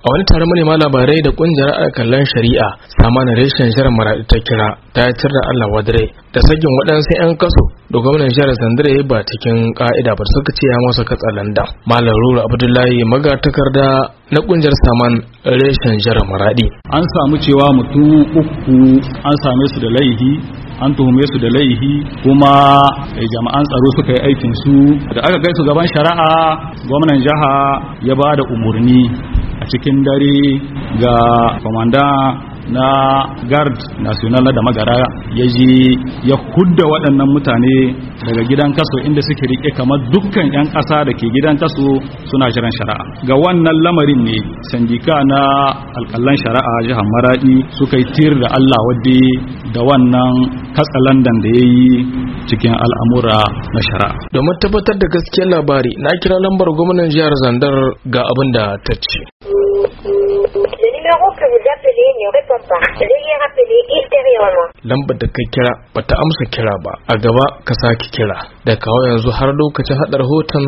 a wani taron manema labarai da kungiyar alkalan shari'a sama na reshen jihar maradi ta kira ta yi da allah wadare da sakin waɗansu 'yan kaso da gwamnan jihar sandare ba cikin ƙa'ida ba suka ce ya masa katsa landa malam rura abdullahi magatakarda na kungiyar saman reshen jihar maradi an samu cewa mutum uku an same su da laihi an tuhume su da laihi kuma eh, jama'an tsaro suka yi aikin su da aka kai su gaban shari'a gwamnan jiha ya ba da umarni a cikin dare ga komanda na guard national da magara ya ji ya hudda waɗannan mutane daga gidan kaso inda suke rike kamar dukkan 'yan ƙasa da ke gidan kaso suna shirin shari'a ga wannan lamarin ne sandika na alƙallan shari'a jihar maraɗi suka yi tir da allah wadda da wannan katsalandan da ya yi cikin al'amura na shari'a domin tabbatar da gaskiyar labari na kira lambar gwamnan jihar zandar ga abin da ta ce ne rufin ba ne Lambar da ka kira ba ta amsa kira ba a gaba ka sake kira da kawo yanzu har lokacin haɗa rahoton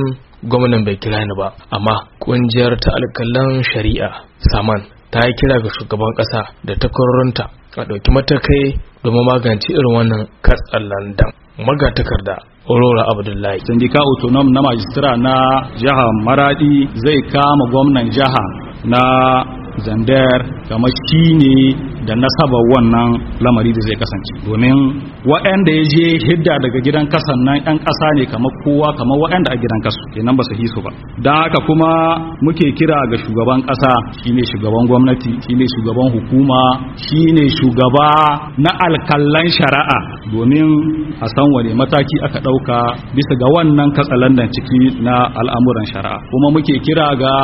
gwamnan bai kira ni ba amma ƙungiyar ta alkalan shari'a saman ta yi kira ga shugaban ƙasa da takwarorinta a ɗauki matakai domin magance irin wannan katsalandan magatakarda Aurora Abdullahi. Sandika Autonom na Majistira na Jiha Maradi zai kama gwamnan jiha na zandar kamar shi ne da nasabar wannan lamari da zai kasance domin waɗanda ya je hidda daga gidan kasan nan ɗan ƙasa ne kamar kowa kamar waɗanda a gidan kasu kenan ba su hisu ba da haka kuma muke kira ga shugaban ƙasa shine shugaban gwamnati shine shugaban hukuma shine shugaba na alkallan shari'a domin a san wane mataki aka ɗauka bisa ga wannan katsalandan ciki na al'amuran shari'a kuma muke kira ga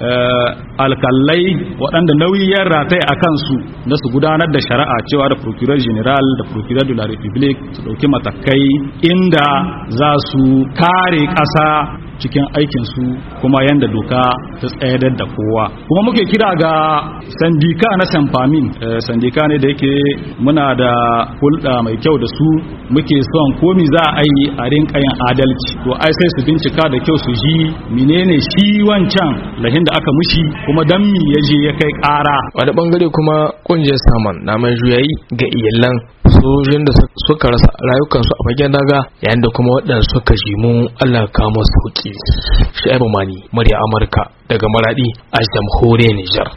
eh, alkallai waɗanda nauyi ya rataye a kansu na su gudanar da shari'a cewa da procureur general da procureur de la republique su dauki matakai inda za su kare kasa cikin aikin su kuma yanda doka ta tsayar da kowa kuma muke kira ga sandika na samfamin eh, sandika ne da yake muna da hulɗa mai kyau da su muke son komi za a yi a rinka yin adalci to ai sai su bincika da kyau su ji menene shi wancan lahin da aka mushi kuma dan mi ya je ya kai ƙara wani bangare kuma kungiyar saman na mai ga iyalan sojin da suka rasa rayukansu a fagen daga yayin da kuma waɗanda suka mun Allah ka masu huki shi mani murya amurka daga maradi a jamhuriyar nijar